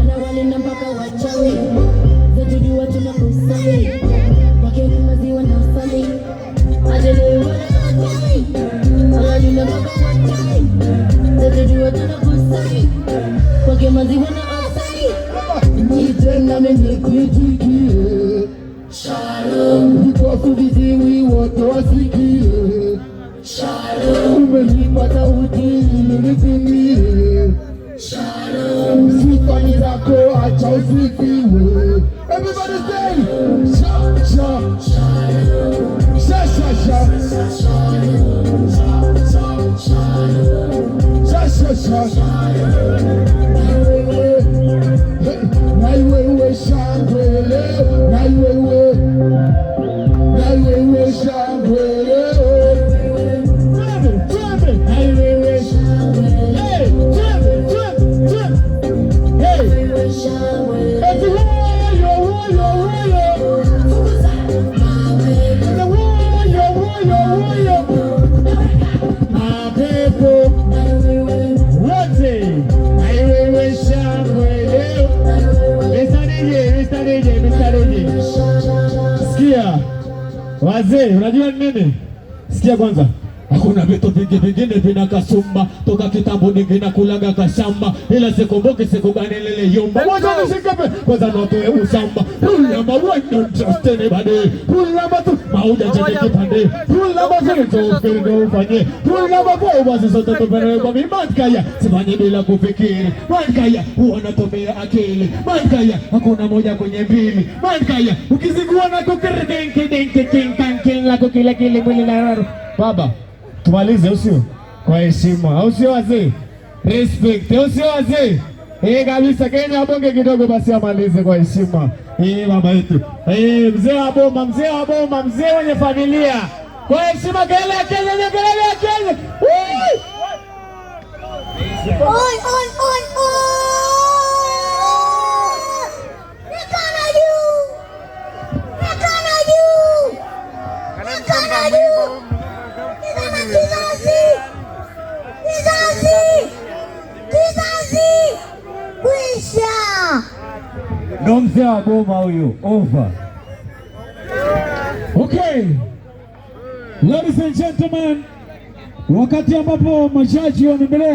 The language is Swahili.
anawalinda mpaka wachawi, zatujua tuna kusali wakeni maziwa na asali, ajelewa analinda mpaka wachawi, zatujua tuna kusali wake maziwa na asali, nitenda menyekuitikie Shalom, mkofu viziwi wote wasikie Shalom, umenipata uti Everybody sing! Sha, sha, sha, sha, sha, way, way, shine, way, way, way, way, way, shine, way, it, it, way, way, hey. Wazee, unajua nini? Sikia kwanza. Hakuna vitu vingi vingine vina kasumba toka kitambo ningina kulaga kashamba, ila sikumbuki siku gani lile yumba moja nishikape kwanza notoe usamba kulama wendo trusteni bade kulama tu mauja chenye kipande kulama kilicho ufikiri ndo ufanye kulama kwa basi sote tupere kwa mi matkaya sifanye bila kufikiri matkaya huwa natumia akili matkaya hakuna moja kwenye mbili matkaya ukizigua na kukiri kukirindenke denke kinkankin lako kile kile mwili na raru baba tumalize, au sio? Kwa heshima, au sio wazee? Respect, au sio wazee? Eh, kabisa. Kenya abonge kidogo basi, amalize kwa heshima. Eh, baba yetu, eh, mzee wa bomba, mzee wa bomba, mzee wenye familia, kwa heshima, kelele, kelele, kelele, kelele ndo mzee wa boma huyu over. Okay. Ladies and gentlemen, wakati ambapo majaji wanaendelea